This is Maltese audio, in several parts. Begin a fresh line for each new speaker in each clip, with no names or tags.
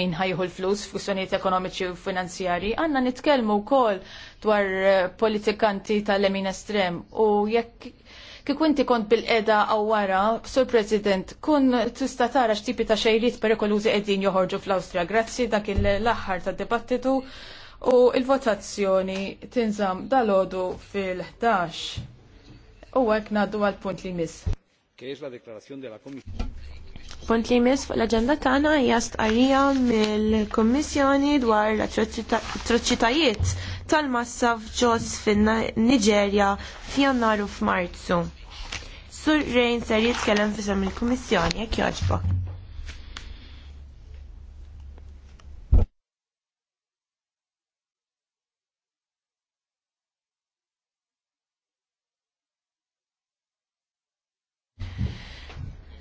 min ħajħu l-flus f'kwistjonijiet ekonomiċi u finanzjari, għanna nitkellmu wkoll dwar eh, politikanti tal-lemin estrem u jekk kik inti kont bil-qeda għaw wara, Sur President, kun tista tara x'tipi ta' xejriet perikolużi qegħdin joħorġu fl austria Grazzi dak l-aħħar tad-dibattitu u il-votazzjoni tinżam dal-ħodu fil-11. U għek naddu għal-punt li mis. Kiex la deklarazzjoni della
Punt li jmiss fuq l-agenda tagħna hija stqarrija mill-Kummissjoni dwar l-atroċitajiet tal-massa f'ġos fin-Niġerja f'Jannar u f'Marzu. Sur Rejn ser jitkellem fisem il-Kummissjoni jekk jogħġbok.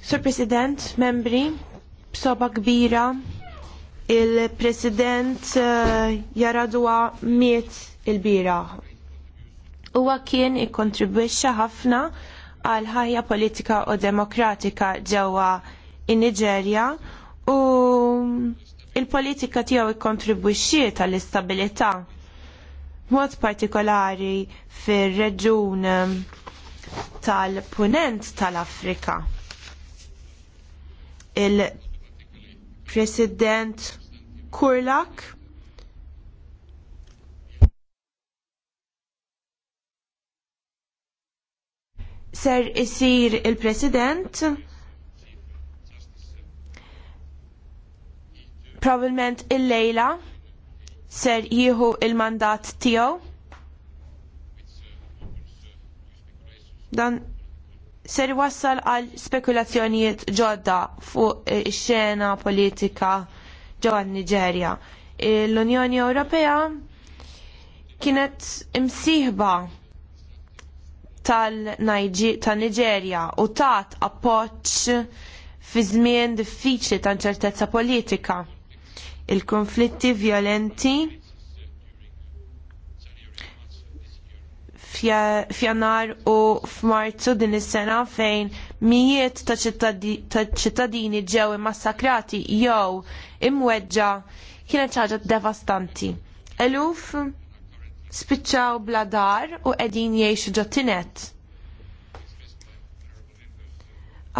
Sur President, membri, b'soba kbira, il-President uh, eh, jaradwa miet il-bira. Huwa kien ikkontribwixxa ħafna għal ħajja politika u demokratika ġewwa in-Niġerja u il-politika tiegħu ikkontribwixxiet għall istabilità mod partikolari fir-reġun tal-punent tal-Afrika il-President Kurlak. ser isir il-President probablement il-lejla ser jieħu il-mandat tiegħu dan ser wassal għal spekulazzjonijiet ġodda fuq e, ix-xena politika ġewwa Niġerja. E, L-Unjoni Ewropea kienet imsieħba tal-Niġerja u tat appoġġ fi żmien diffiċli ta' inċertezza politika. Il-konflitti vjolenti F'Jannar u f'Marzu din is-sena fejn mijiet ta' ċittadini ġew immassakrati jew imweġġa kienet ħaġa devastanti. Eluf spiċċaw bla dar u qegħdin jgħixu ġottinet.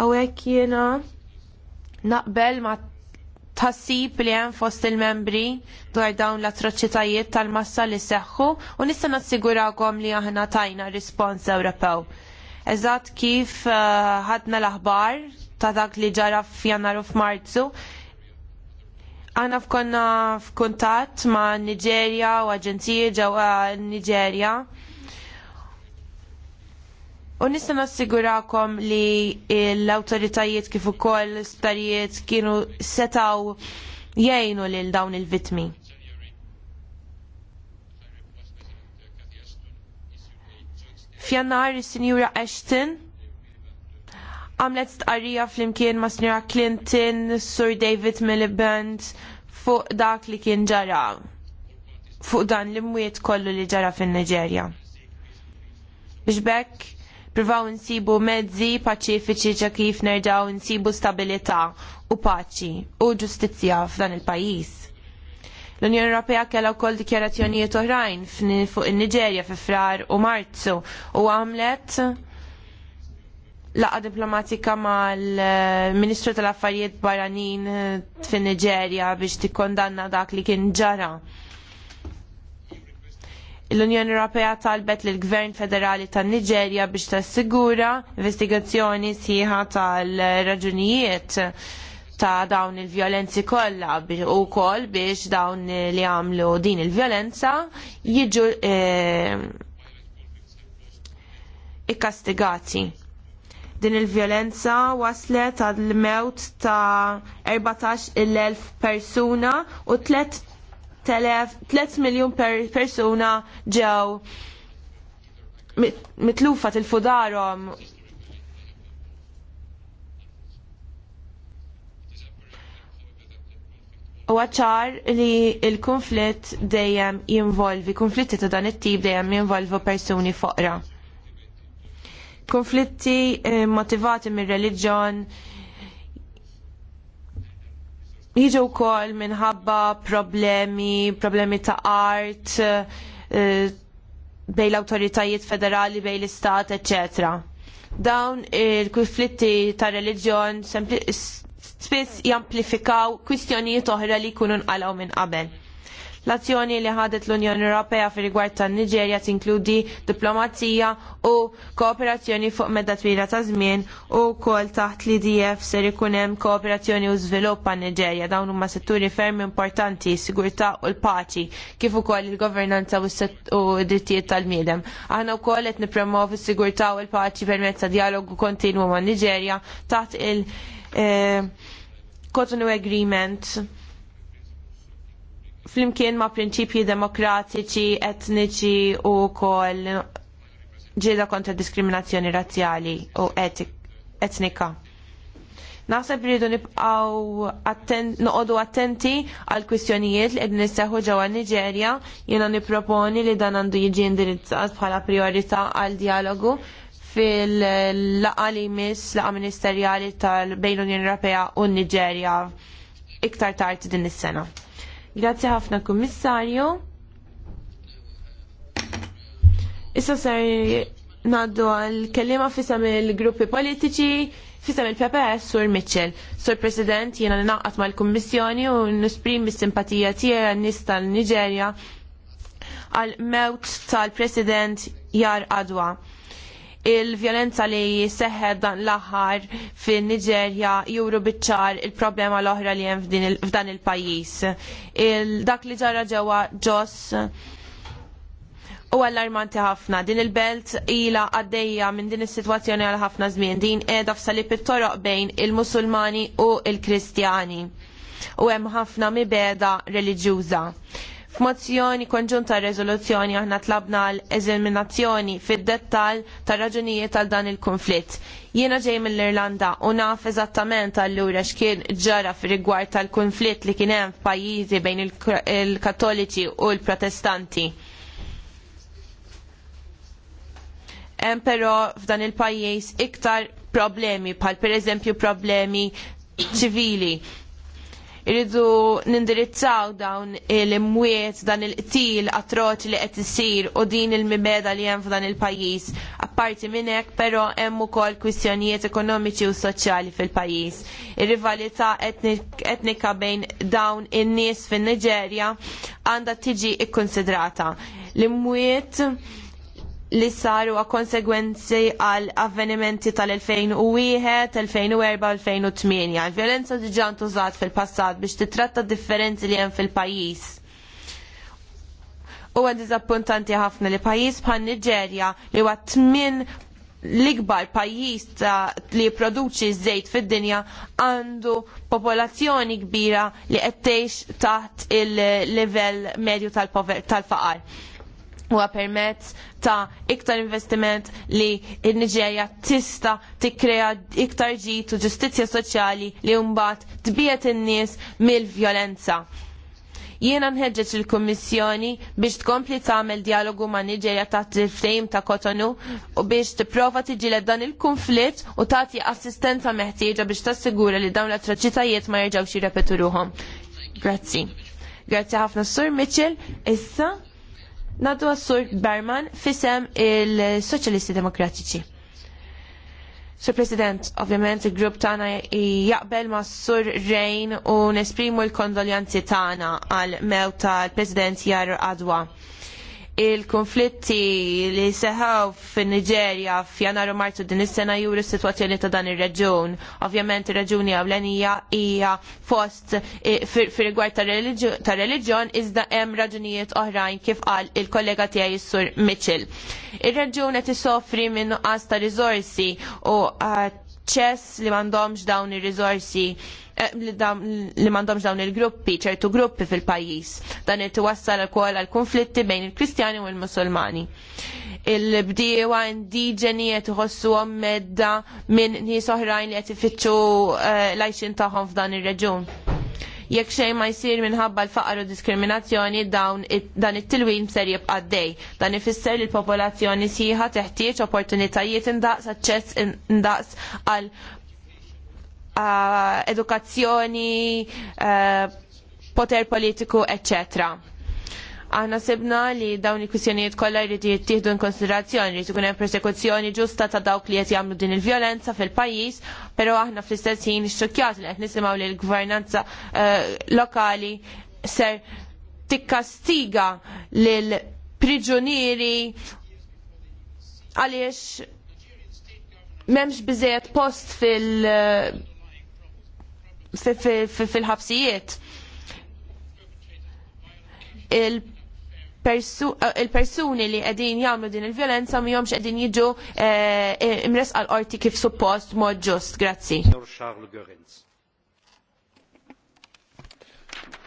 Hawnhekk jiena naqbel ma' tħassib li hemm fost il-membri dwar dawn l-atroċitajiet tal-massa li seħħu u nista' nassigurawkom li aħna tajna rispons Ewropew. Eżatt kif eh, ħadna l-aħbar ta' dak li ġara f'Jannar u f'Marzu, Aħna fkonna f'kuntatt ma' Niġerja u aġenziji ġewwa Niġerja U nista' nassigurakom li l-awtoritajiet kif ukoll l-isptarijiet kienu setaw jgħinu lil dawn il-vitmi. F'jannar is-Sinjura Ashton għamlet stqarrija flimkien ma' Sinjura Clinton, Sur David Miliband fuq dak li kien ġara fuq dan l-imwiet kollu li ġara fin-Niġerja. Biex bekk Provaw insibu mezzi paċifiċi ġa kif nerġaw insibu stabilità u paċi u ġustizzja f'dan il-pajjiż. L-Unjoni Ewropea kellha wkoll dikjarazzjonijiet oħrajn fuq in-Niġerja fi frar u Marzu u għamlet laqa diplomatika mal-Ministru tal-Affarijiet Barranin fin niġerja biex tikkondanna dak li kien ġara l-Unjoni Ewropea talbet lill gvern federali tan niġerja biex tassigura investigazzjoni sħiħa tal-raġunijiet ta' dawn il-vjolenzi kollha u koll biex dawn li għamlu din il-vjolenza jiġu eh, ikkastigati. Din il-vjolenza waslet għal mewt ta' 14.000 persuna u tlet 3 miljon per persuna ġew mitlufa til fudarom U għacċar li il-konflitt dejjem jinvolvi, konflitti ta' dan it-tip dejjem jinvolvu persuni foqra. Konflitti eh, motivati mir reliġjon jiġu wkoll minħabba problemi, problemi ta' art eh, bejn l-awtoritajiet federali, bejn l-istat, eċċetera. Dawn il-konflitti ta' reliġjon spiss jamplifikaw kwistjonijiet oħra li jkunu nqalgħu minn qabel. L-azzjoni li ħadet l-Unjoni Ewropea fir rigward tan niġerja tinkludi diplomazija u kooperazzjoni fuq medda twila ta' żmien u wkoll taħt l-IDF ser ikun hemm kooperazzjoni u żvilupp għan Niġerja dawn huma setturi ferm importanti, sigurtà u l-paċi kif ukoll il-governanza u d-drittijiet tal-miedem. Aħna wkoll qed nippromovu s-sigurtà u l-paċi permezz ta' dialogu kontinwu ma' Niġerja taħt il- eh, Cotonou Agreement flimkien ma' prinċipji demokratiċi, etniċi u wkoll ġieda kontra diskriminazzjoni razzjali u etnika. Naħseb rridu nibqaw noqodu attenti għal kwistjonijiet li qegħdin seħu ġewwa Niġerja, jiena nipproponi li dan għandu jiġi indirizzat bħala priorità għal dialogu fil-laqa li jmiss laqa ministerjali tal-bejn l-Unjoni Ewropea u n Niġerja iktar tard din is-sena. Grazzi ħafna kummissarju. Issa ser naddu għal-kellima fisam il-gruppi politiċi, fisam il-PPS, Sur Mitchell. Sur President, jena naqqat mal-Kommissjoni u nisprim bis simpatija tiegħi n-nis tal-Niġerja għal-mewt tal-President Jar Adwa il-vjolenza li seħħed dan l-aħħar fin niġerja juru biċċar il-problema l-oħra li hemm f'dan il-pajjiż. Il dak li ġara ġewwa ġos u allarmanti ħafna. Din il-belt ila għaddejja minn din is-sitwazzjoni għal ħafna żmien. Din qiegħda f'salib it-toroq bejn il-Musulmani u l-Kristjani. U hemm ħafna mibeda reliġjuża. F'mozzjoni konġunta rezoluzzjoni aħna tlabna l eżeminazzjoni fid-dettal ta' raġunijiet għal dan il-konflitt. Jiena ġej mill-Irlanda u naf eżattament allura x'kien ġara fir-rigward tal-konflitt li kien hemm f'pajjiżi bejn il-Kattoliċi u l-Protestanti. Hemm però f'dan il-pajjiż iktar problemi bħal pereżempju problemi ċivili irridu nindirizzaw dawn il-imwiet dan il-qtil atroċi li qed isir u din il-mibeda li hemm f'dan il-pajjiż. Apparti minn hekk però hemm ukoll kwistjonijiet ekonomiċi u soċjali fil-pajjiż. Ir-rivalità etnika bejn dawn in-nies fin-Niġerja għandha tiġi kkunsidrata. L-imwiet li saru a konsegwenzi għal avvenimenti tal-2001, 2004, 2008. Il-violenza diġa ntużat fil-passat biex titratta differenzi li hemm fil-pajis. U għad dizappuntanti ħafna li pajis bħal Nigeria li huwa tmin l-ikbar pajis li produċi żejt fid-dinja għandu popolazzjoni kbira li qed tgħix taħt il-livell medju tal-faqar. Tal huwa permezz ta' iktar investiment li n-Niġerja tista' tikkrea iktar ġid u ġustizzja soċjali li mbagħad tbiet in-nies mill-vjolenza. Jiena nħeġġeġ il-Kummissjoni biex tkompli tagħmel dialogu ma' Niġerja taħt il frame ta' Kotonu u biex tipprova tiġi dan il-konflitt u tagħti assistenza meħtieġa biex tassigura li dawn l-atroċitajiet ma jerġgħux jirrepeturuhom. ruhom. Grazzi. Grazzi ħafna Sur Mitchell. Issa Nadu għassur Berman fisem il-Soċjalisti Demokratiċi. Sur President, ovvjament il-grupp tagħna jaqbel ma' Sur Rejn u nesprimu l-kondoljanzi tagħna għal mewta l-President Jar Adwa il-konflitti li seħaw fin niġerja f'Janar u Marzu din is-sena juru s-sitwazzjoni ta' dan ir-reġun. Ovvjament ir-reġuni għawlenija hija fost eh, fir-rigward ta' reliġjon iżda hemm raġunijiet oħrajn kif qal il-kollega tiegħi is-Sur Mitchell. Ir-reġun qed isofri minn nuqqas ta' riżorsi u eh, ċess li m'għandhomx dawn ir-riżorsi Eh, li, mandomx dawn il-gruppi, ċertu gruppi fil-pajis. Dan irti wassal kol għal konflitti bejn il-Kristjani u l-Musulmani. Il-bdiewa indiġeni qed iħossu medda minn nies oħrajn li qed ifittxu eh, lajxin tagħhom f'dan ir-reġun. Jekk xejn ma jsir minħabba l-faqar u diskriminazzjoni dawn dan it-tilwim ser jibqa' dej. Dan ifisser li l-popolazzjoni sieħa teħtieġ opportunitajiet indaqs aċċess indaqs għal uh, edukazzjoni, uh, poter politiku, eccetera. Aħna sibna li dawn il-kwistjonijiet kollha jrid jittieħdu konsiderazzjoni li tkun hemm persekuzzjoni ġusta ta' dawk li qed jagħmlu din il-vjolenza fil-pajjiż, però aħna fl-istess ħin ixxokkjat li qed nisimgħu li l-gvernanza eh, lokali ser tikkastiga lil priġunieri għaliex m'hemmx biżejjed post fil fil-ħabsijiet. Eh, il-persuni li għedin jamlu din il violenza mi jomx għedin jidġu eh, imres għal qorti kif suppost mod ġust. Grazzi.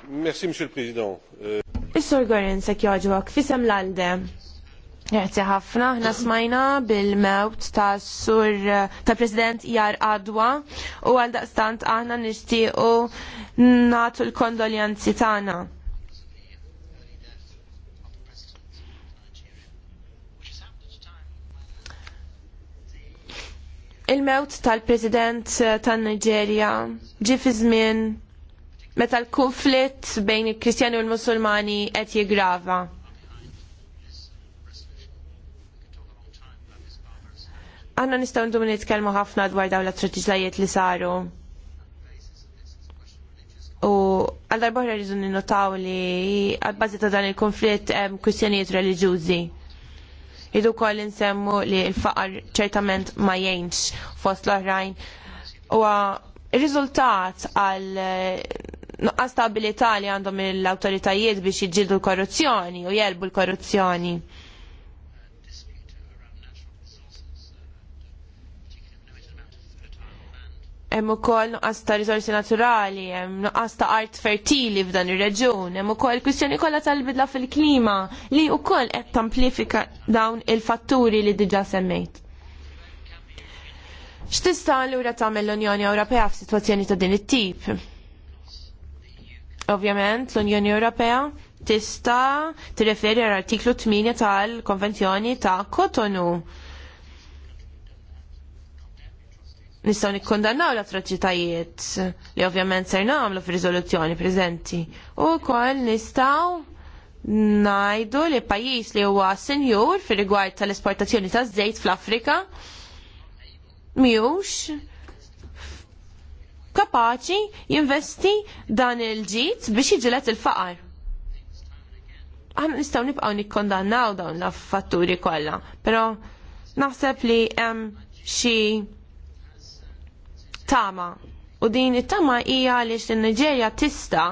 Merci, Monsieur le Président. Euh, Is-Sur Gorenz, jek joġbok, fisem l-għalde. Grazie ħafna, ħna smajna bil-mewt ta' sur ta' president Jar Adwa u għal daqstant aħna nishtiqu natu l-kondoljanzi tagħna. Il-mewt tal-president tan-Niġerja ġi fi żmien meta l-konflitt bejn il-Kristjani u l-Musulmani qed jiggrava. Għanna nistaw ndu nitkellmu ħafna dwar dawn l-attratiġlajiet li saru. U għal boħra rridu ninnotaw li għal-bazi ta' dan il-konflitt hemm kwistjonijiet reliġjużi. Idu koll insemmu li l-faqar ċertament ma jgħinx fost l-oħrajn. U il-rizultat għal nuqqas li għandhom l-autoritajiet biex jġildu l-korruzzjoni u jelbu l-korruzzjoni. hemm ukoll nuqqas ta' risorsi naturali, hemm nuqqas ta' art fertili f'dan ir reġun hemm ukoll kwistjoni kollha tal-bidla fil-klima li wkoll qed tamplifika dawn il-fatturi li diġà semmejt. X'tista' lura tagħmel l-Unjoni Ewropea f'sitwazzjoni ta' din it-tip? Ovvjament l-Unjoni Ewropea tista' tirreferi għal artiklu 8 tal-Konvenzjoni ta' Kotonu nistgħu nikkondannaw l-atroċitajiet li ovvjament ser nagħmlu fir rizoluzzjoni preżenti. U kol nistgħu ngħidu li pajjiż li huwa senjur fir-rigward tal-esportazzjoni ta' żejt fl-Afrika miux kapaċi jinvesti dan il-ġit biex jiġilet il-faqar għan nistaw nibqaw nikkondannaw dawn l-affatturi kolla, pero naħseb li hemm xi tama. U din it-tama hija għaliex in-Niġerja tista'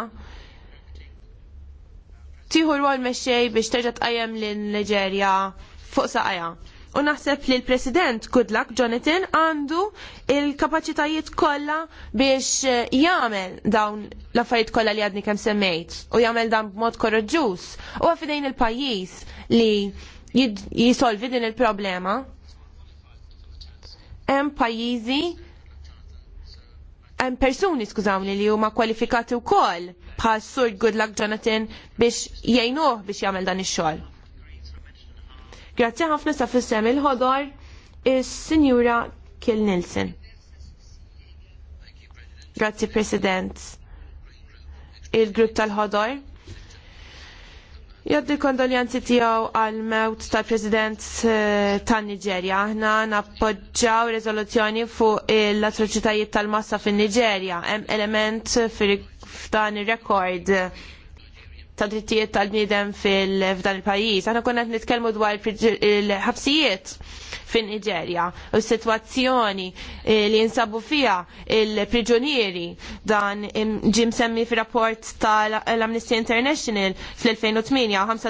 tieħu rwol mexxej biex terġa' tqajjem lil Niġerja fuq saqajja. U naħseb li l-President Goodluck Jonathan għandu il-kapacitajiet kollha biex eh, jagħmel dawn l-affarijiet kollha li għadni kemm semmejt u jagħmel dan b'mod korroġġuż u għafidejn il-pajjiż li jisolvi din il-problema hemm pajjiżi hemm persuni skużawni li huma kwalifikati wkoll bħal Sur Goodluck Jonathan biex jgħinuh biex jagħmel dan ix-xogħol. Grazzi ħafna sa fissem il-ħodor is-Sinjura kill Nilsen. Grazzi President. Il-grupp tal-ħodor Jaddi kondoljanzi tijaw għal-mewt tal-President eh, ta' Nigeria. Aħna nappoġġaw rezoluzzjoni fuq l-atroċitajiet tal-massa fin nigeria Hemm element f'dan ir-rekord ta' drittijiet tal-bniedem f'dan il-pajjiż. Aħna konna nitkellmu dwar il-ħabsijiet fin Niġerja u s-sitwazzjoni eh, li jinsabu fiha il-priġunieri dan ġim semmi fir-rapport tal-Amnesty International fl-2008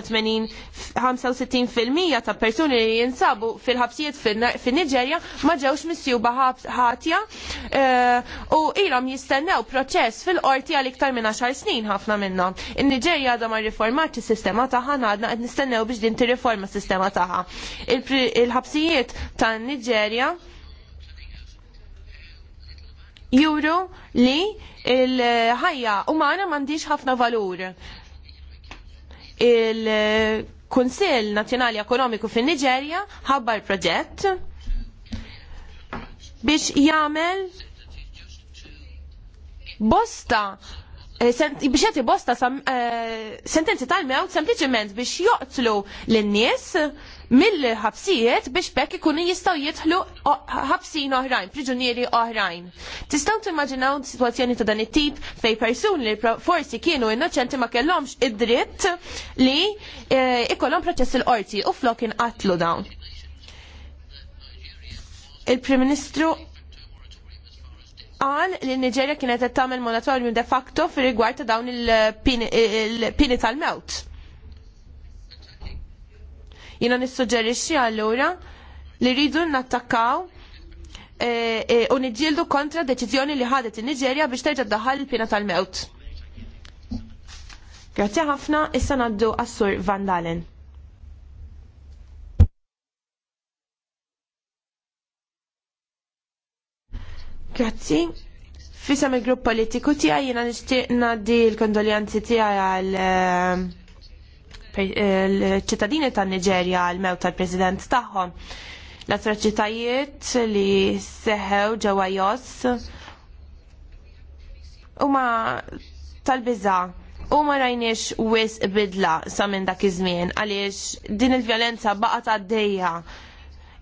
65% ta' persuni li jinsabu fil-ħabsijiet fin Niġerja ma ġewx missjuba ħatja eh, u ilhom jistennew proċess fil-qorti għal iktar minn 10 snin ħafna minnhom. In-Niġerja għadha ma rriformat is-sistema tagħha għadna qed nistennew biex din tirriforma s-sistema tagħha. Il-ħabsijiet tal tan-Niġerja juru li il-ħajja umana mandiġ ħafna valur. il konsil Nazjonali Ekonomiku fin niġerja ħabbar proġett biex jagħmel bosta eh, biex jagħti bosta eh, sentenzi tal-mewt sempliċement biex joqtlu lin-nies mill-ħabsijiet biex bekk ikunu jistaw jidħlu ħabsin oħrajn, priġunieri oħrajn. Tistaw timmaġinaw situazzjoni ta' dan it-tip fej persuni li forsi kienu innoċenti ma kellhomx id-dritt li e, ikollhom proċess il-qorti u flok inqatlu dawn. Il-Prim Ministru qal li Niġerja kienet qed tagħmel de facto fir rigward ta' dawn il-pini tal-mewt Jina nissuġġerixxi allura li rridu nattakkaw e, e, u niġġieldu kontra deċiżjoni li ħadet in-Niġerja biex terġa' daħal il-pina tal-mewt. Grazzi ħafna, issa naddu għassur Vandalen. Van Dalen. Grazzi. Fisam il-grupp politiku tiegħi jiena nixtieq ngħaddi l-kondoljanzi tiegħi għal l-ċittadini tan niġerja għal mew tal-President tagħhom. L-atroċitajiet li seħew ġewwa Jos huma tal-biża' u ma rajniex wis bidla sa minn dak iż-żmien għaliex din il-vjolenza baqgħet għaddejja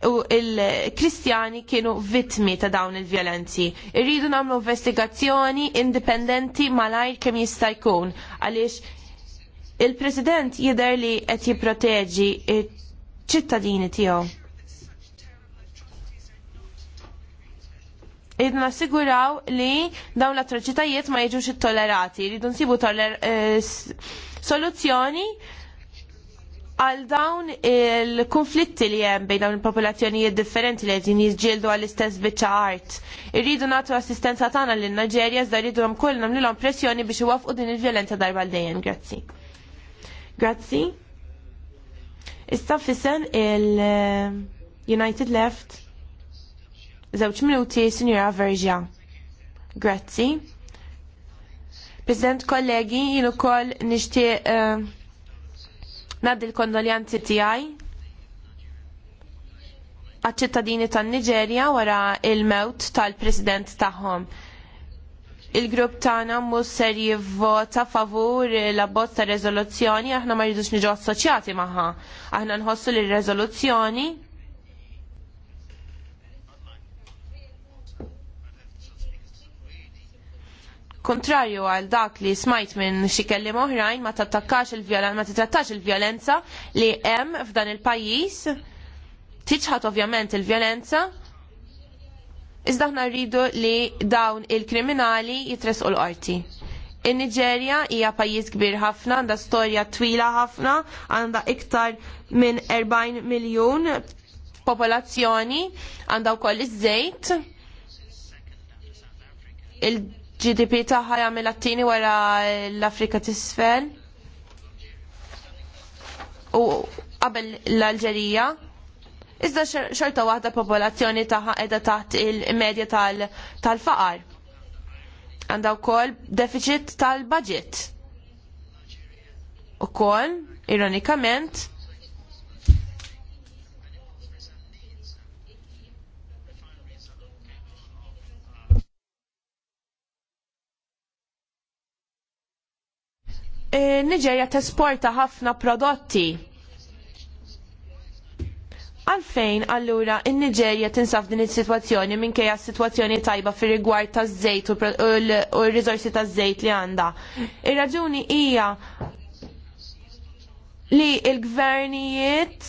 u il-Kristjani kienu vittmi ta' dawn il-vjolenzi. Irridu nagħmlu investigazzjoni indipendenti malajr kemm jista' jkun għaliex Il-President jidher li qed jipproteġi ċittadini tiegħu. id nassiguraw li dawn l-atroċitajiet ma jiġux it-tollerati, li nsibu toler eh, soluzzjoni għal dawn il-konflitti li hemm bejn dawn il-popolazzjonijiet differenti li qegħdin jiġġieldu għall-istess biċċa art. Irridu nagħtu assistenza tagħna lin Naġerja iżda rridu hemm kollha pressjoni biex iwafqu din il-vjolenza darba l dejjem. Grazzi. Grazzi. Issa fisen il-United eh, Left. Zewċ minuti, Sinjura Verġa. Grazzi. President kollegi, jien ukoll nixtieq uh, eh, naddi l-kondoljanzi tiegħi għaċ-ċittadini tan-Niġerja wara il-mewt tal-President tagħhom il-grupp tagħna mhux ser jivvota favur l-abbozz ta' rezoluzzjoni aħna ma rridux niġu assoċjati magħha. Aħna nħossu li riżoluzzjoni kontrarju għal dak li smajt minn xi kelliem oħrajn ma tattakkax il-vjolenza ma titrattax il-vjolenza li hemm f'dan il-pajjiż tiċħat ovvjament il-vjolenza il vjolenza Iżda aħna rridu li dawn il-kriminali jitresqu l-qorti. in nigeria hija pajjiż kbir ħafna, għandha storja twila ħafna, għandha iktar minn 40 miljun popolazzjoni, għandha wkoll iż-żejt. Il-GDP tagħha jagħmel attini wara l-Afrika t'isfel. U qabel l-Alġerija, iżda xorta waħda popolazzjoni ta' edha taħt il-medja tal-faqar. Għandaw kol wkoll deficit tal-budget. kol, ironikament, eh, Niġerja tesporta ħafna prodotti Għalfejn allura in-Niġerja tinsaf din is-sitwazzjoni minkejja s-sitwazzjoni tajba fir rigward taż-żejt u r-riżorsi taż-żejt li għandha. Ir-raġuni hija li il-gvernijiet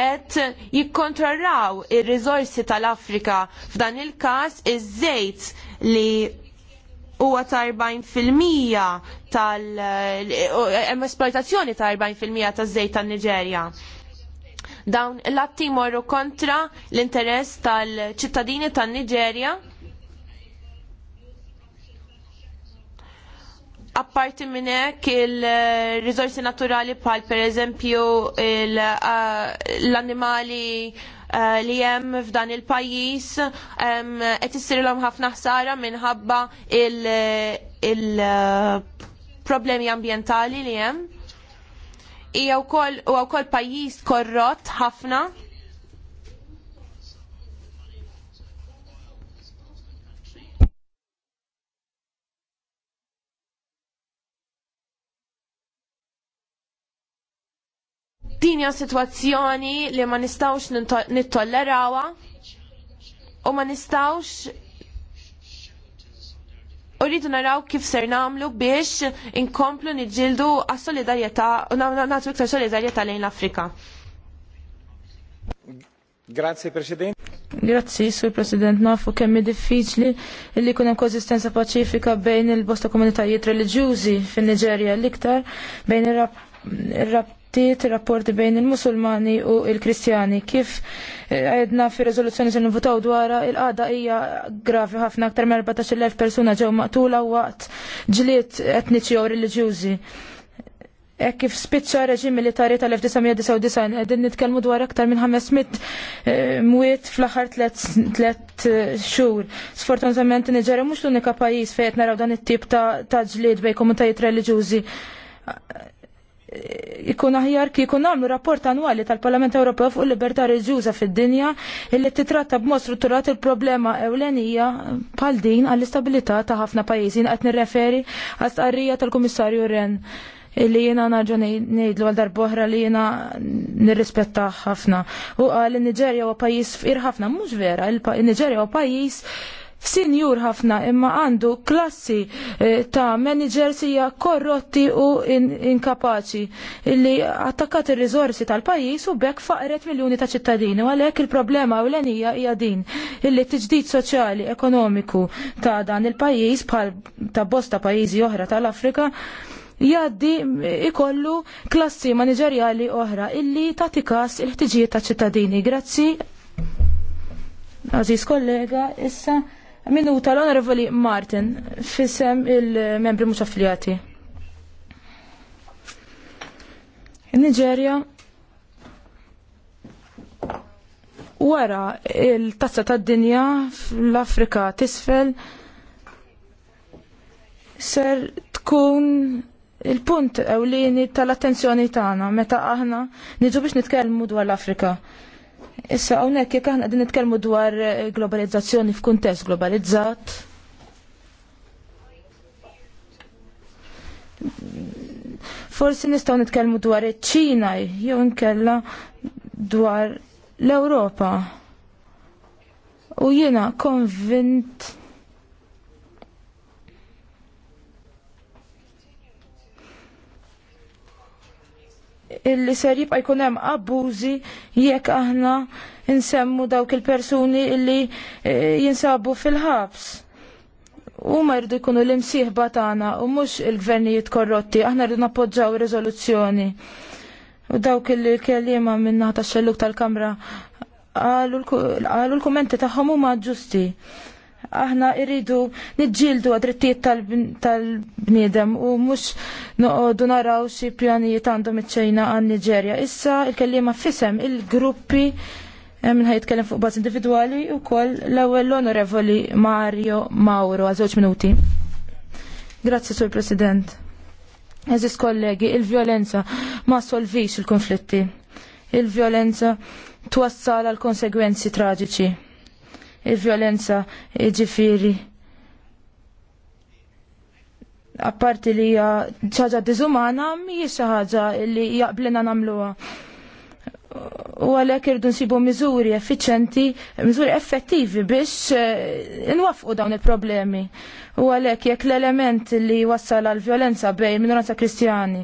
qed jikkontrarraw ir-riżorsi tal-Afrika f'dan il-każ iż-żejt li huwa ta' 40% tal-esploitazzjoni ta' 40% taż-żejt tan-Niġerja. Dawn l-atti morru kontra l-interess tal-ċittadini tan-Niġerja apparti minn hekk il-rizorsi naturali bħal pereżempju eh, l-annimali eh, li hemm f'dan il-pajjiż qed issirilhom ħafna ħsara minħabba il-problemi eh, ambjentali li hemm hija wkoll huwa wkoll pajjiż korrott ħafna. Din hija sitwazzjoni li ma nistgħux nittollerawha u ma nistgħux u rridu naraw kif ser namlu biex inkomplu niġġieldu għas-solidarjetà u nagħtu iktar solidarjetà lejn l-Afrika. Grazie
President. Grazzi, Sur President, nafu kemm diffiċli li kun hemm kożistenza paċifika bejn il-bosta komunitajiet reliġjużi fin-Niġerja l-iktar bejn ir-rapp it rapporti bejn il-Musulmani u il-Kristjani. Kif eh, għedna fi rezoluzzjoni se nivutaw dwara il-qada hija gravi ħafna aktar minn 14.000 persuna ġew maqtula waqt ġlied etniċi u reliġjużi. Hekk kif spiċċa reġim militari tal-1999 qegħdin nitkellmu dwar aktar minn 500 eh, mwiet fl-aħħar tliet eh, xhur. Sfortunatament Niġerja mhux l-unika pajjiż fejn qed naraw dan it-tip ta' ġlied bejn komunitajiet reliġjużi ikun aħjar ki jkun għamlu rapport annwali tal-Parlament Ewropew fuq il-libertà reġjuża fid-dinja illi titratta b'mod strutturat il-problema ewlenija bħal din għall-istabilità ta' ħafna pajjiżi qed nirreferi għal stqarrija tal-Kummissarju Ren illi jiena naġa ngħidlu għal darboħra li jiena nirrispetta ħafna. U għal in-Niġerja huwa pajjiż fqir ħafna, mhux vera, il-Niġerja huwa pajjiż senjur ħafna imma għandu klassi eh, ta' managers hija korrotti u inkapaċi illi attakkat ir-riżorsi tal-pajjiż u bekk faqret miljuni ta' ċittadini u għalhekk il-problema ewlenija hija din illi t tiġdid soċjali ekonomiku ta' dan il-pajjiż bħal ta' bosta pajjiżi oħra tal-Afrika jaddi eh, ikollu klassi manageriali oħra illi tagħti każ il-ħtiġijiet ta' ċittadini. Grazzi. Aziz kollega, issa Minuta l-Onorevoli Martin, fissem il-membri mux affiljati. Nigeria wara il-tazza tad-dinja fl-Afrika tisfel ser tkun il-punt ewlieni tal-attenzjoni tagħna meta aħna niġu biex nitkellmu dwar l-Afrika. Issa hawnhekk jekk aħna qegħdin nitkellmu dwar eh, globalizzazzjoni f'kuntest globalizzat. Forsi nistgħu nitkellmu dwar iċ-Ċina jew nkella dwar l-Ewropa. U jiena konvint illi ser jibqa' jkun hemm abbużi jekk aħna insemmu dawk il-persuni illi e, jinsabu fil-ħabs. Huma jridu jkunu l-imsieħba tagħna u mhux il-gvernijiet korrotti, aħna rridu nappoġġaw riżoluzzjoni. U dawk il-kelliema minna tax-xelluk tal-Kamra qalu l-kummenti tagħhom huma ġusti aħna irridu nidġildu għadrittijiet tal-bniedem u mux noqodu naraw xie pjanijiet għandhom iċ-ċejna għan Nigeria. Issa il-kellima fisem il-gruppi eh, minn ħajitkellem fuq bazz individuali u koll l-ewel l-onorevoli Mario Mauro għal minuti. Grazzi, Sur President. Eżis kollegi, il-violenza ma solvix il-konflitti. Il-violenza twassal għal konsegwenzi traġiċi il-violenza ġifiri. Apparti li hija ċaġa diżumana mhijiex xi ħaġa li jaqblina nagħmluha u għalek irridu nsibu miżuri effiċenti, miżuri effettivi biex eh, nwafqu dawn il-problemi. U għalek jekk l-element li wassal għal violenza bejn minoranza kristjani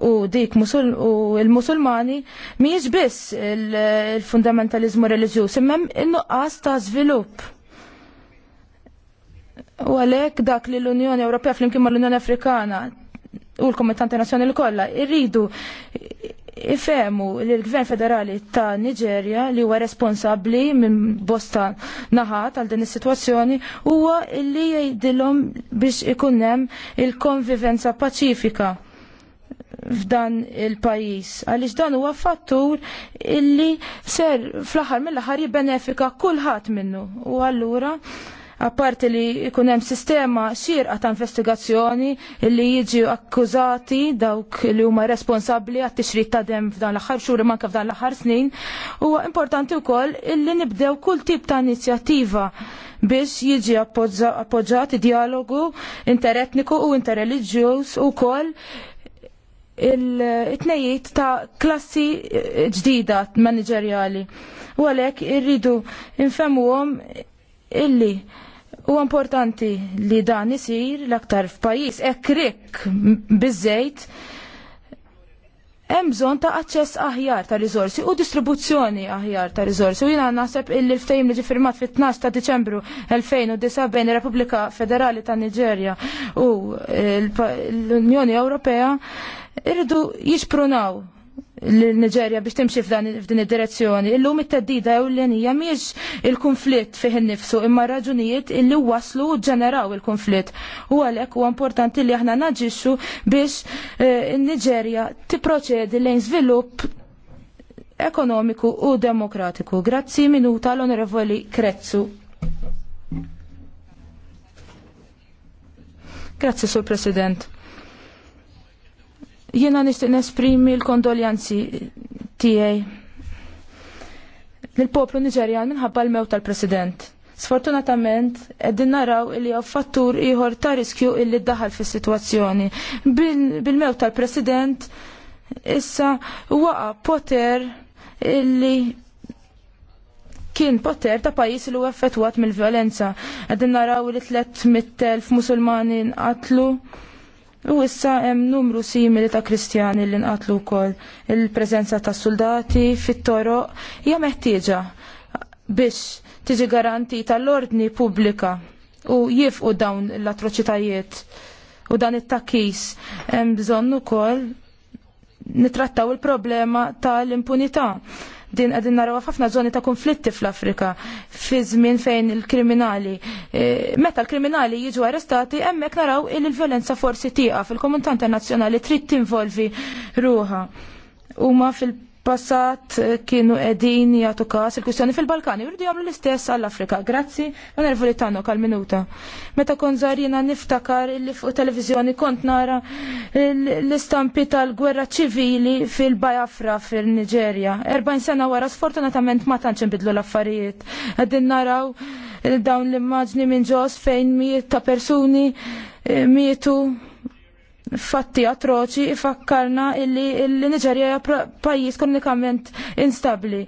u dik musul u l-musulmani mhijiex biss il-fundamentalizmu reliġjuż imma in-nuqqas ta' żvilupp. U għalhekk dak li l-Unjoni Ewropea flimkien mal-Unjoni Afrikana u l-Komitat Internazzjonali kollha irridu ifemu li l-Gvern Federali ta' Nigeria li huwa responsabbli minn bosta naħat għal din is-sitwazzjoni huwa li jgħidilhom biex ikun hemm il-konvivenza paċifika f'dan il-pajis. Għaliex dan huwa fattur illi ser fl-aħħar mill-aħħar jibbenefika kulħadd minnu. U allura apparti li jkun hemm sistema xierqa ta' investigazzjoni illi jiġi akkużati dawk li huma responsabbli għat tixrid ta' dem f'dan l-aħħar xhur manka f'dan l-aħħar snin, huwa importanti wkoll illi nibdew kull tip ta' inizjattiva biex jiġi appoġġat dialogu interetniku u interreliġjuż ukoll il-tnejiet ta' klassi ġdida manageriali. U għalek irridu infemmuhom illi u importanti li dan isir l-aktar f'pajis ekrik bizzejt hemm bżonn ta' aċċess aħjar ta' riżorsi u distribuzzjoni aħjar ta' riżorsi. U jiena naħseb illi l-ftehim li ġifirmat fit-12 ta' Diċembru 2009 bejn ir-Repubblika Federali ta' Niġerja u l-Unjoni Ewropea irridu jisprunaw l-Nigeria biex timxi f'din id-direzzjoni. Illum it-teddida u l lenija miex il-konflitt fih nifsu imma raġunijiet illi waslu u ġeneraw il-konflitt. U għalek u importanti li aħna naġixxu biex eh, il-Nigeria tiproċedi lejn svilup ekonomiku u demokratiku. Grazzi minuta l-Onorevoli Krezzu. Grazzi, Sur President. Jiena nixtieq nesprimi l-kondoljanzi tiegħi l poplu Niġerjan minħabba l mew tal-President. Sfortunatament, qegħdin naraw li hawn fattur ieħor ta' riskju illi daħal fis-sitwazzjoni. Bil-mewt tal-President issa waqa' poter illi kien poter ta' pajis li effettwat mill-violenza. Għadin naraw li 300.000 musulmani nqatlu U issa hemm numru simili ta' kristjani li nqatlu wkoll. Il-preżenza ta' soldati fit-toroq hija meħtieġa biex tiġi garantita l-ordni pubblika u jifqu dawn l-atroċitajiet u dan it-takkis. Hemm bżonn ukoll nitrattaw il-problema tal-impunità. Din qegħdin naraw ħafna żoni ta' konflitti fl-Afrika fi żmien fejn il-kriminali. Eh, meta l-kriminali jiġu arrestati hemmhekk naraw il il violenza forsi tieqa fil-komunità internazzjonali trid tinvolvi ruha. Huma fil- fil-passat eh, kienu edin jgħatu kas il kustjoni fil-Balkani, jridu jagħmlu l-istess għall-Afrika. Grazzi, ma nervu li tannu kal minuta Meta kont żarjina niftakar li fuq Televizjoni kont nara l-istampi tal-gwerra ċivili fil-Bajafra fil-Niġerja. 40 sena wara sfortunatament ma tantx bidlu l-affarijiet. Qegħdin naraw eh, dawn l-immaġni minn ġos fejn mijiet ta' persuni eh, mietu fatti atroċi ifakkarna illi l-Niġerja hija pajjiż konnikament instabli.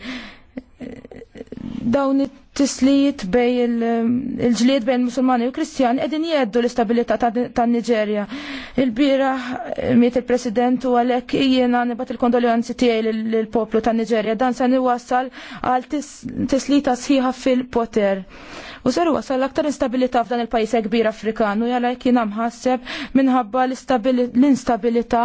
Dawn it-tislijiet bej il-ġlied bejn musulmani u kristjani qegħdin jgħeddu l-istabilità tan-Niġerja. Il-bieraħ miet il-President u għalhekk jiena nibgħat il-kondoljonzi tiegħi lill-poplu tan-Niġerja dan se niwassal għal tislita sħiħa fil-poter. U ser wasal l-aktar instabilità f'dan il pajis kbir Afrikan u jala jkien mħasseb minħabba l-instabilità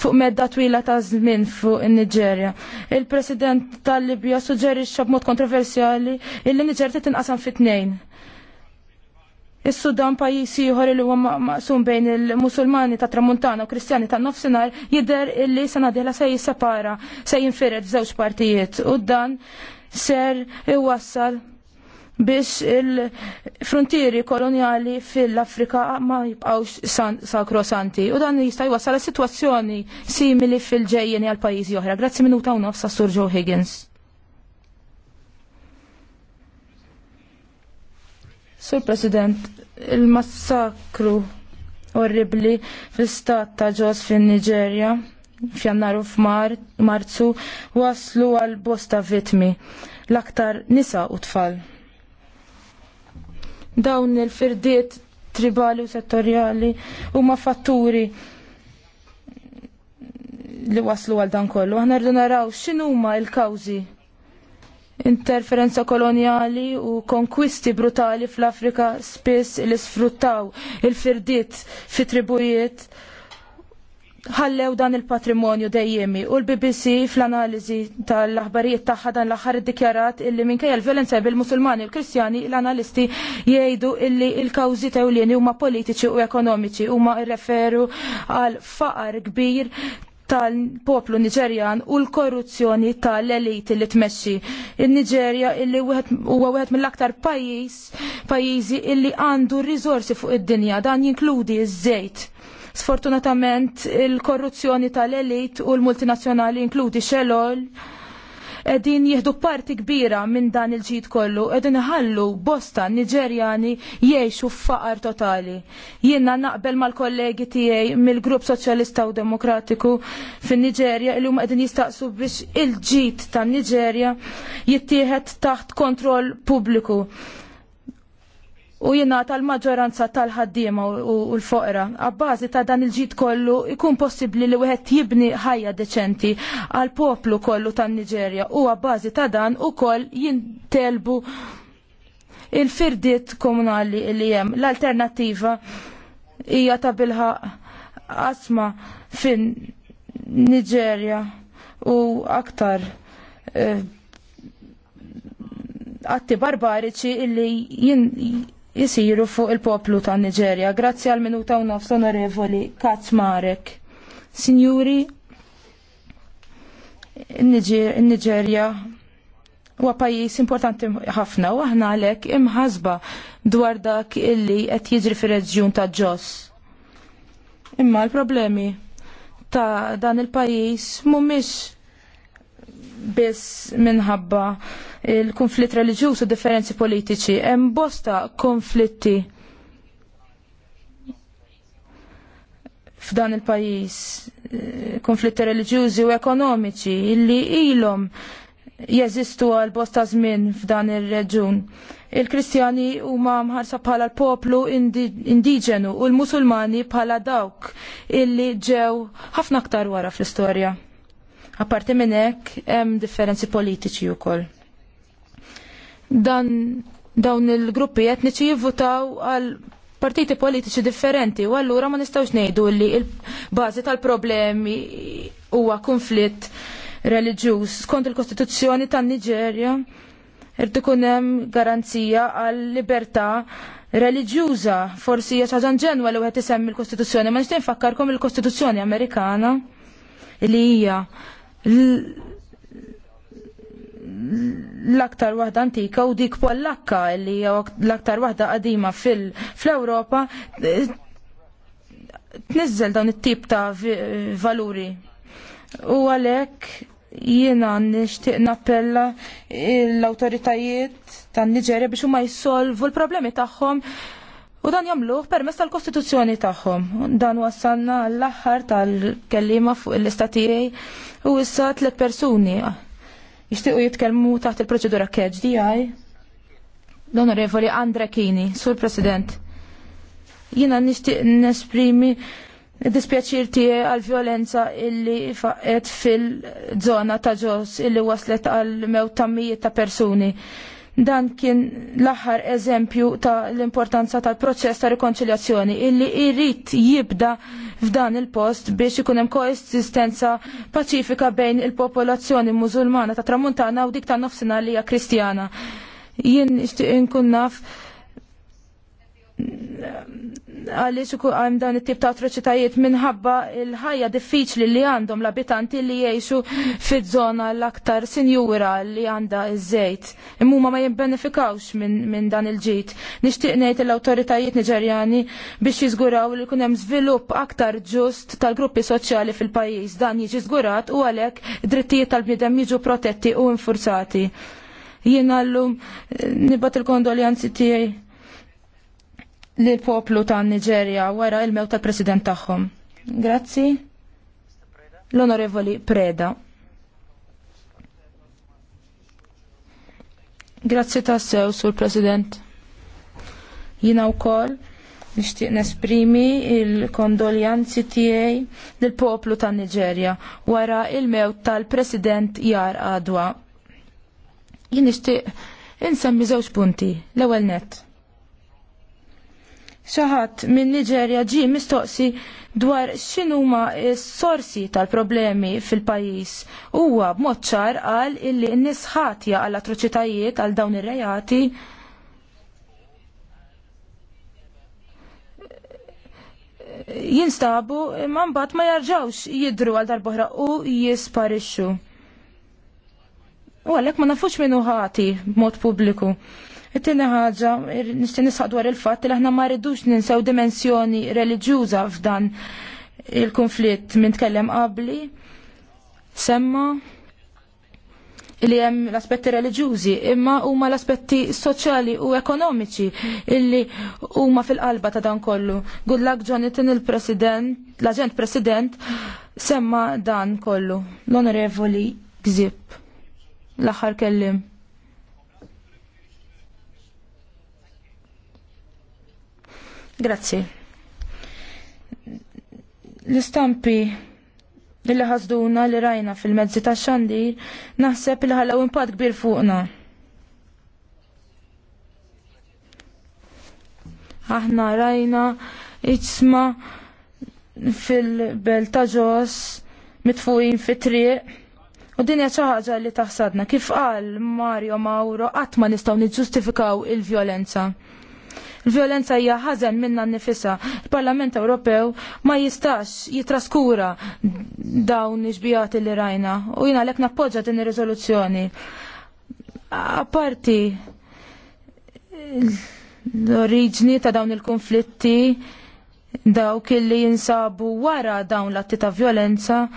fuq medda twila ta' żmien fuq in-Niġerja. Il-President tal-Libja suġġerixxa b'mod kontroversjali illi Niġer tinqasam fit-tnejn. Is-Sudan pajjiż ieħor li huwa maqsum bejn il-Musulmani ta' Tramuntana u Kristjani ta' Nofsinhar jidher illi sena diela se jissepara, se jinfired f'żewġ partijiet u dan ser iwassal biex il-frontieri koloniali fil-Afrika ma jibqawx sakrosanti. U dan jista' jwassal situazzjoni simili fil-ġejjeni għal pajjiżi oħra. Grazzi minuta u nofsa Sur Joe Higgins. Sur President, il-massakru orribli fil-stat ta' ġos fin-Niġerja f'jannar u f'marzu waslu għal bosta vitmi l-aktar nisa u tfal. Dawn il-firdiet tribali u settorjali huma fatturi li waslu għal dan kollu. Aħna rridu naraw x'inhuma l-kawżi interferenza koloniali u konkwisti brutali fl-Afrika spiss li sfruttaw il-firdiet fi tribujiet ħallew dan il-patrimonju dejjemi u l-BBC fl-analiżi tal-aħbarijiet tagħha dan l-aħħar iddikjarat illi minkejja l-violenza bil-Musulmani u l-Kristjani l-analisti jgħidu illi l-kawżi tewlieni huma politiċi u ekonomiċi huma rreferu għal faqar kbir tal-poplu Niġerjan u l-korruzzjoni tal-eliti li tmexxi. Il-Niġerja illi huwa wieħed mill-aktar pajjiż pajjiżi illi għandu r-riżorsi fuq id-dinja dan jinkludi ż-żejt Sfortunatament il-korruzzjoni tal-elit u l-multinazzjonali inkludi xelol edin jihdu parti kbira minn dan il-ġid kollu, edin ħallu bosta Nigerjani jiexu faqar totali. Jienna naqbel mal-kollegi tijaj mill-Grupp Soċjalista u Demokratiku fin niġerja il huma edin jistaqsu biex il-ġid ta' Nigerja jittieħed taħt kontroll pubbliku u jina tal-maġġoranza tal-ħaddiema u l-foqra. Għabbażi ta' dan il-ġid kollu ikun possibli li wieħed jibni ħajja deċenti għal poplu kollu tan-Niġerja u għabbażi ta' dan u koll jintelbu il-firdiet komunali li jem. L-alternativa hija ta' bilħa asma fin Niġerja u aktar eh, atti barbariċi illi jinn jisiru fuq il-poplu ta' Nigeria. Grazzi għal minuta u nofs onorevoli Marek. Signuri, Nigeria huwa pajjiż importanti ħafna u aħna għalhekk imħasba dwar dak illi qed jiġri fir-reġjun ta' Ġos. Imma l-problemi ta' dan il-pajjiż mhumiex biss minħabba il-konflitt reliġjuż u differenzi politiċi. Hemm bosta konflitti f'dan il-pajjiż, eh, konflitti reliġjużi u ekonomiċi illi ilhom jeżistu għal bosta żmien f'dan ir-reġun. Il-Kristjani huma mħarsa bħala l-poplu indiġenu u l-Musulmani bħala dawk illi ġew ħafna aktar wara fl-istorja. Apparti minn hekk hemm differenzi politiċi wkoll. Dan dawn il-gruppi etniċi jivvutaw għal partiti politiċi differenti u allura ma nistgħux ngħidu li l-bażi tal-problemi huwa konflitt reliġjuż. Skont il-Kostituzzjoni tan-Niġerja irid ikun hemm garanzija għal libertà reliġjuża forsi hija ħaġa ġenwa li wieħed isemmi l-Kostituzzjoni, ma nixtieq nfakkarkom il-Kostituzzjoni Amerikana li hija l-aktar waħda antika u dik pollakka li l-aktar waħda qadima fil-Europa tnizzel dawn it-tip ta' valuri. U għalek jiena nishtiq nappella l-autoritajiet tan-Niġerja biex huma jissolvu l-problemi tagħhom U dan jagħmluh permezz tal-Kostituzzjoni tagħhom. Dan wassalna l-aħħar tal-kellima fuq l-istatijaj u issa tliet persuni jixtiequ jitkellmu taħt il-proċedura catch DI. L-Onorevoli Andre Kini, Sur President. Jiena nixtieq nesprimi Dispjaċir tiegħi għal-violenza illi faqet fil-żona ta' ġos illi waslet għal mewt ta' persuni. Dan kien l-aħħar eżempju ta' l-importanza tal-proċess ta' rikonċiljazzjoni illi jrid jibda f'dan il-post biex ikun hemm koesistenza paċifika bejn il-popolazzjoni mużulmana ta' tramuntana u dik ta' nofsinhar li hija kristjana. Jien nixtieq inkun naf għaliex għam dan it-tip ta' atroċitajiet minħabba l-ħajja diffiċli li għandhom l-abitanti li jgħixu fi żona l-aktar sinjura li għandha iż-żejt. Imma ma jibbenefikawx minn dan il-ġid. Nixtieq ngħid l-awtoritajiet Niġerjani biex jiżguraw li jkun hemm żvilupp aktar ġust tal-gruppi soċjali fil-pajjiż. Dan jiġi żgurat u għalhekk drittijiet tal-bniedem jiġu protetti u infurzati. Jien llum eh, nibgħat il-kondoljanzi tiegħi lil poplu ta' Nigeria wara il-mew tal-president tagħhom. Grazzi. L-Onorevoli Preda. Grazzi ta sew, sur President. Jina wkoll nixtieq nesprimi il-kondoljanzi tiegħi lill-poplu tan Niġerja wara il-mewt tal-President Jar Adwa. Jien nixtieq insemmi żewġ punti. L-ewwel nett. Saħat minn Niġerja ġi mistoqsi dwar x'inhuma s-sorsi tal-problemi fil-pajjiż. Huwa b'mod ċar qal illi n-nies ħatja għal atroċitajiet għal dawn ir-rejati jinstabu man mbagħad ma jarġawx jidru għal darb'oħra u jisparixxu. U għalhekk ma nafux minnu ħati b'mod pubbliku it tini ħaġa nixtieq nisħaq dwar il-fatt li aħna ma rridux ninsew dimensjoni reliġjuża f'dan il-konflitt minn tkellem qabli semma li hemm l-aspetti reliġjużi imma huma l-aspetti soċjali u ekonomiċi illi huma fil-qalba ta' dan kollu. Good luck Jonathan il-President, l-Aġent President semma dan kollu. L-Onorevoli Gżib, L-aħħar kellim. Grazzi. L-istampi li ħasduna li rajna fil-mezzi ta' xandir naħseb li ħallaw impatt kbir fuqna. Aħna rajna iċsma fil-belt ta' ġos mitfuqin fit-triq. U dinja ċaħġa li taħsadna, kif qal Mario Mauro, għatma nistaw nġustifikaw il-violenza violenza hija ħażen minna nnifisa Il-Parlament Ewropew ma jistax jitraskura dawn iġbijat li rajna u jina lek nappoġġa din ir-riżoluzzjoni. parti l-oriġni ta' dawn il-konflitti dawk li jinsabu wara dawn l-atti ta' violenza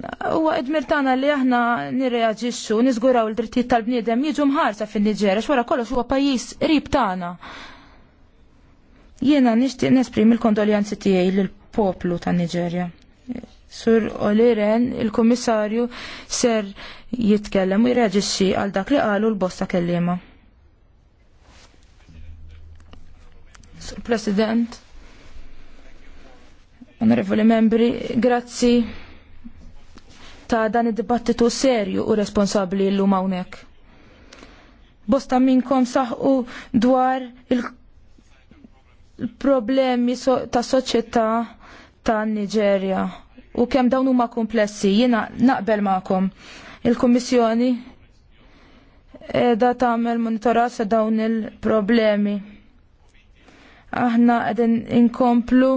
Huwa edmirtana li aħna nirreagġixxu, niżguraw l drittijiet tal-bniedem jiġu mħarsa fin-Niġer, wara kollox huwa pajjiż qrib tagħna. Jiena nixtieq nesprim il-kondoljanzi tiegħi lill-poplu ta' Niġerja. Sur Oliren, il-Kummissarju ser jitkellem u jreġixxi għal dak li qalu l-bosta kellima. Sur President, onorevoli membri, grazzi ta' dan id-dibattitu serju u responsabli l-lum hawnhekk bosta minnkom saħu dwar il-kult problemi so ta' soċjetà ta' Nigeria u kemm dawn huma komplessi jiena naqbel magħkom. Il-Kummissjoni qiegħda tagħmel monitoraġġ sa' dawn il-problemi. Aħna qegħdin inkomplu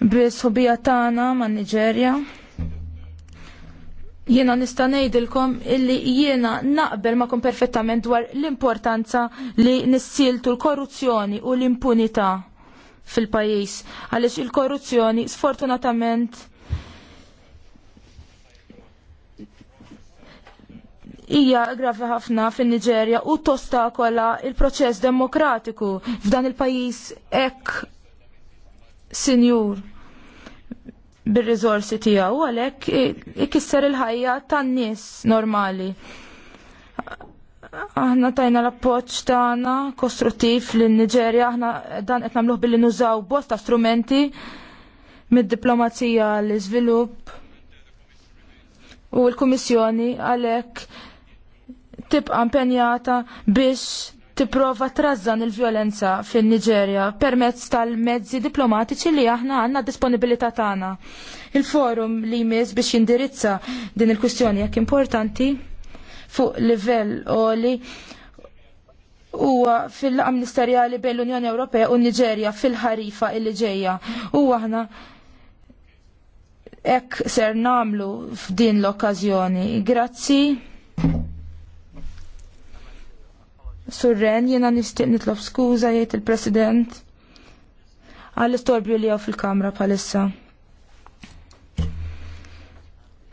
biss ħobija tagħna man Niġerja. Jiena nista' ngħidilkom illi jiena naqbel ma'kom perfettament dwar l-importanza li nissieltu l-korruzzjoni u l-impunità fil-pajjiż għaliex il-korruzzjoni sfortunatament hija gravi ħafna fin-Niġerja u tostakola il-proċess demokratiku f'dan il-pajjiż hekk sinjur bir rizorsi tiegħu għalhekk ikisser il-ħajja tan-nies normali. Aħna tajna l-appoċ tagħna kostruttiv lin niġerja aħna dan qed nagħmluh billi nużaw bosta strumenti mid-diplomazija l iżvilupp u l-Kummissjoni għalhekk tibqa' impenjata biex tipprova trażan il-vjolenza fin-Niġerja permezz tal-mezzi diplomatiċi li aħna għandna disponibilità tagħna. Il-forum li jmiss biex jindirizza din il-kwistjoni jekk importanti fuq livell oli huwa fil-laqa ministerjali bejn l-Unjoni Ewropea u Niġerja fil-ħarifa illi ġejja. U aħna hekk ser namlu f'din l-okkażjoni. Grazzi. Surren, jena nixtieq nitlob skuża jgħid il-President għall-istorbju li għaw fil-kamra palissa.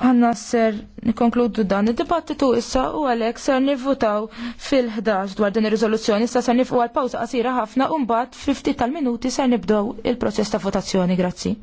Għanna ser nikonkludu dan id-dibattitu issa u għalek ser nivvutaw fil-11 dwar din ir-riżoluzzjoni issa ser nifqu għal pawza qasira ħafna u mbagħad 50 tal-minuti ser nibdew il-proċess ta' votazzjoni. Grazzi.